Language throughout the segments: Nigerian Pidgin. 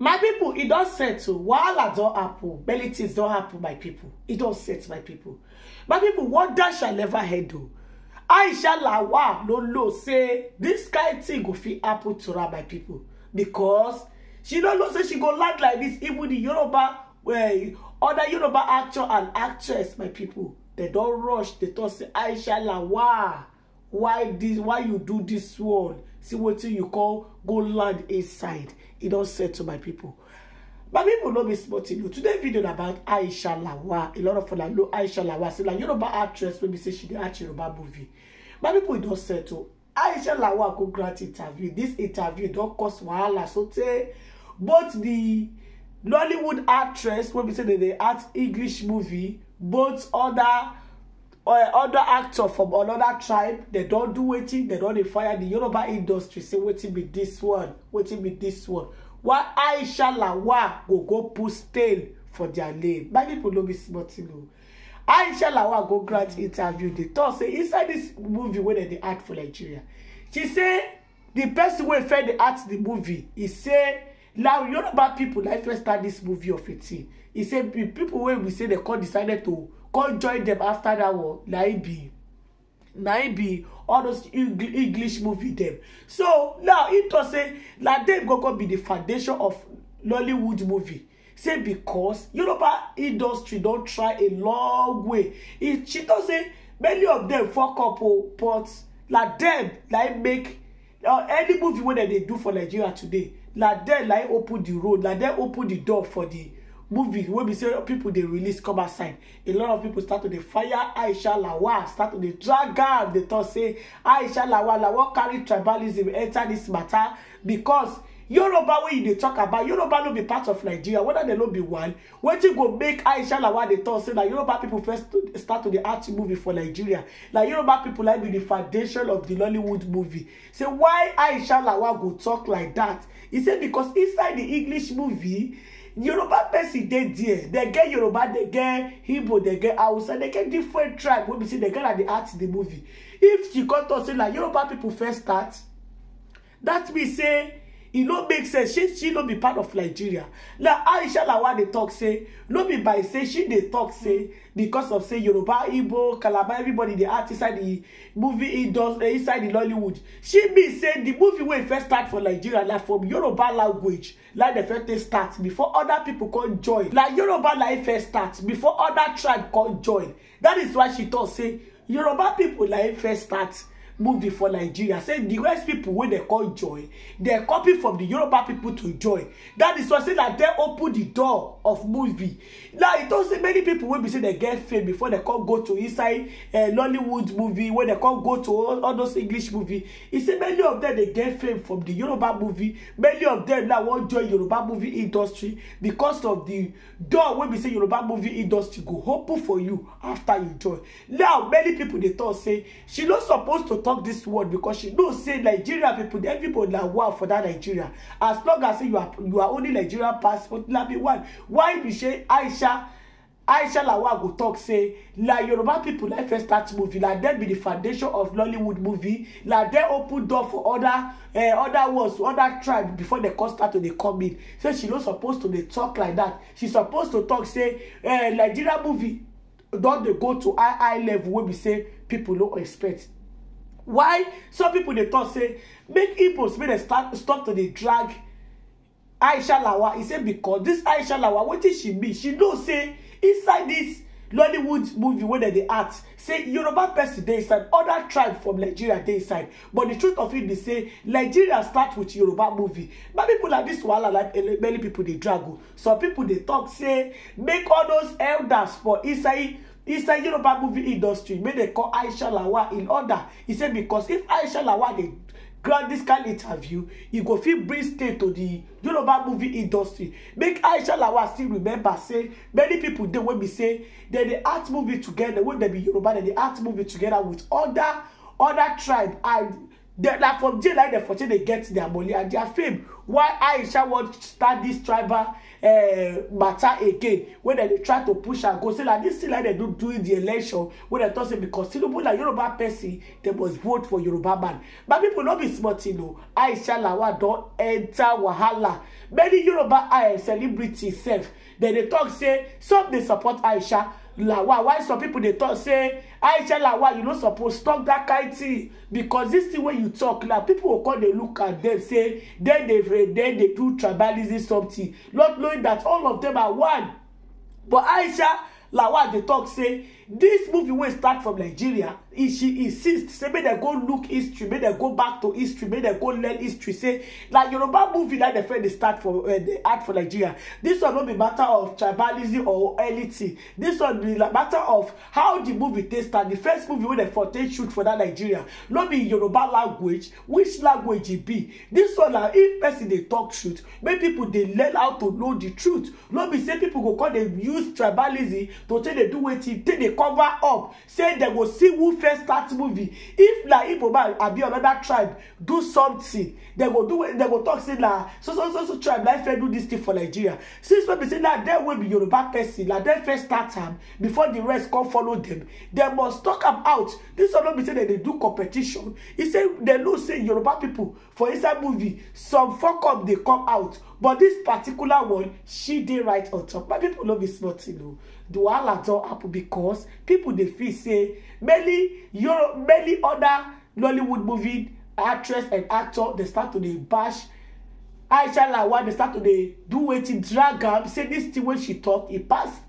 my pipo e don settle oh. wahala don happen belly tins don happen my pipo e don set my people. my people, what that shall never head o oh. aisha lawa no no say dis kain thing go fit apple to her my people because she no know say she go land like this. even di yoruba eh, other yoruba actor and actress my people they don't rush They don't say aisha lawa why this why you do this one see wetin you call go land inside He don't say to my people, my people no be small you. today video about aisha lawa a lot of people know aisha lawa You know about actress when we say she did act yoruba movie my people don't say to aisha lawa go grant interview This interview don cause wahala so tey both the nollywood actress when we say that they act english movie both other or other actor from another tribe they don't do wetin They don't fire the yoruba industry say waiting be this one waiting be this one why aisha Lawa go go put stain for their name my people don't be small tin o aisha Lawa go grant mm. interview They tok say inside this movie wey they dey act for nigeria she say the person wey first dey act the movie He say now yoruba people. like first start this movie of a thing e say pipo wey we say dem come decided to come join them after that one na im be na im be all those english movie dem so now im tok say na dem go go be the foundation of Lollywood movie say becos yoruba industry don try a long way she tok say many of dem four couple o oh, but na dem na im make uh, any movie wey dem dey do for nigeria today na dem na im open the road na dem open the door for the movie wey be say people dey release come outside a lot of people start to dey fire aisha lawal start to dey drag am dey talk say aisha lawal lawal carry tribalism enter this matter because yoruba wey you dey talk about yoruba no be part of nigeria whether dem no be one wetin go make aisha lawal dey talk say na yoruba pipo first start to dey act movie for nigeria na yoruba pipo like be the foundation of the nollywood movie say why aisha lawal go talk like that? He say because inside the english movie yoruba person dey there dem get yoruba dem get igbo dem get hausa dem get different tribe wey be say dem get na the act the movie if she come talk say na yoruba people first start that mean say e no make sense she she no be part of nigeria na aisha lawa dey talk say no be by say she dey talk say because of say yoruba igbo calabar everybody dey act inside the movie industry eh, inside the nollywood she mean say the movie wey first start for nigeria na from yoruba language na the first take start before other people come join na yoruba na im first start before other tribe come join that is why she talk say yoruba people na im first start movie for nigeria say the west people wey dem call joy dem copy from the yoruba people to joy that is why say na dem open the door of movie now e don say many people wey be say dem get fame before dem come go to inside uh, movie wey dem come go to all, all those english movie e say many of dem dey get fame from the yoruba movie many of dem now wan join yoruba movie industry because of the door wey be say yoruba movie industry go open for you after you join now many people dey talk say she no suppose to talk talk dis word because she know say nigeria pipo everybody na one for that nigeria as long as say you are you are only nigeria passport na be one why be say aisha aisha lawal go talk say na yoruba people. na first start movie na dem be the foundation of nollywood movie na dem open door for oda other eh, ones other tribe before dem come start to dey come in say she no suppose to dey tok like that. she suppose to talk say eh, nigeria movie don dey go to high high level wey be say people no expect why some people dey talk say make igbos make dem stop to dey drag aisha lawa e say becos dis aisha lawa wetin she be she know say inside this lollywood movie wey dem dey act say yoruba person dey inside other tribe from nigeria dey inside but the truth of it be say nigeria start with yoruba movie but people like this wahala like many people dey drag o oh. some pipo dey tok say make all those elders for inside inside yoruba movie industry make dem call aisha lawal in order e say because if aisha lawal dey grant dis kind interview e go fit bring stay to di yoruba movie industry make aisha lawal still remember say many pipo dey wey be say dem dey act movie together wey dem be yoruba dem dey act movie together with oda oda tribe and they like from jail like dem for say dey get their money and their fame why aisha wan start this tribal uh, matter again When they dey try to push am go say like this thing like dem do during the election When they talk say because tinubu na yoruba person they must vote for yoruba man my people no be small thing o aisha lawal don enter wahala many yoruba uh, eh, celebrities sef dem dey talk say some dey support aisha lawa why some people dey talk say aisha lawa you no suppose talk that kind thing because this thing wey you talk now people go come dey look at them say dem dey dem dey do tribalism something not knowing that all of them are one but aisha lawa dey talk say This movie wey start from nigeria e, she insist say make dem go look history make dem go back to history make dem go learn history say na yoruba movie na dem first dey start for eh, dey act for nigeria This one no be matter of tribalism or anything This one be matter of how the movie take start the first movie wey dem for take shoot for that nigeria no be yoruba language which language e be This one na if person dey talk truth make people dey learn how to know the truth no be say people go come dey use tribalism to take dey do wetin take dey cover up say dem go see who first start movie if na igbo man abi another tribe do something dem go do dem go talk say na so so so so tribe na first do this thing for nigeria since wey be say na dem wey be yoruba person na dem first start am before the rest come follow dem dem must talk am out this one no be say dem dey do competition e say dem know say yoruba people for inside movie some fok up dey come out but this particular one she dey right on top my people no be small thing o the wahala don happen because people dey feel say many euro many other nollywood movie actress and actor dey start to dey bash aisha lawal dey start to dey do wetin drag am say this thing wey she talk e pass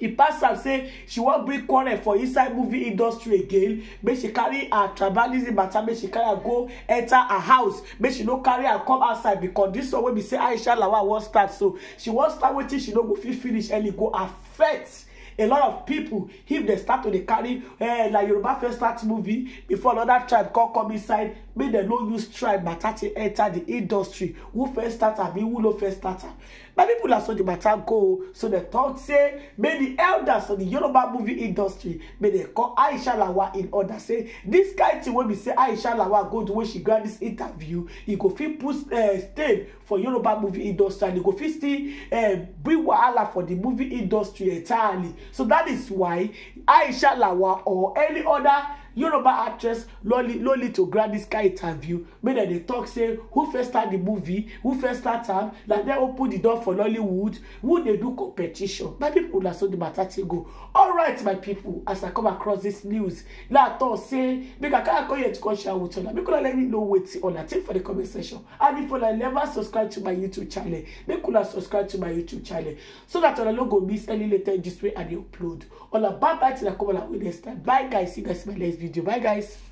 e pass am say she wan bring quarrel for inside movie industry again make she carry her tribalism matter make she carry her go enter her house make she no carry her come outside because this one wey be say aisha lawal wan start so she wan start wetin she no go fit finish early go affect a lot of people if they start to dey carry eh, like yoruba first start movie before another tribe come come inside make dem no use tribe matter take enter the industry who first start am who no first start am na people na so the matter go so the talk say may the elders of the yoruba movie industry may they call aisha lawa in order say this kind thing wey be say aisha lawa go do when she grant this interview he go fit put uh, stain for yoruba movie industry and e go fit still uh, bring wahala for the movie industry entirely So that is why Aisha Lawa or any other yoruba actress loli to grab dis kain interview make dem dey tok say who first start di movie who first start am na dem open di door for nollywood who dey do competition my pipo na so di matter take go alright my pipo as i come across dis news na i tok say make i carry come here to come share with una make una let me know wetin una think for di comment section and if una never subscribe to my youtube channel make una subscribe to my youtube channel so that una no go miss any latest gist wey i dey upload una bye bye till i come una next time bye guys see you guys in my next video. video bye guys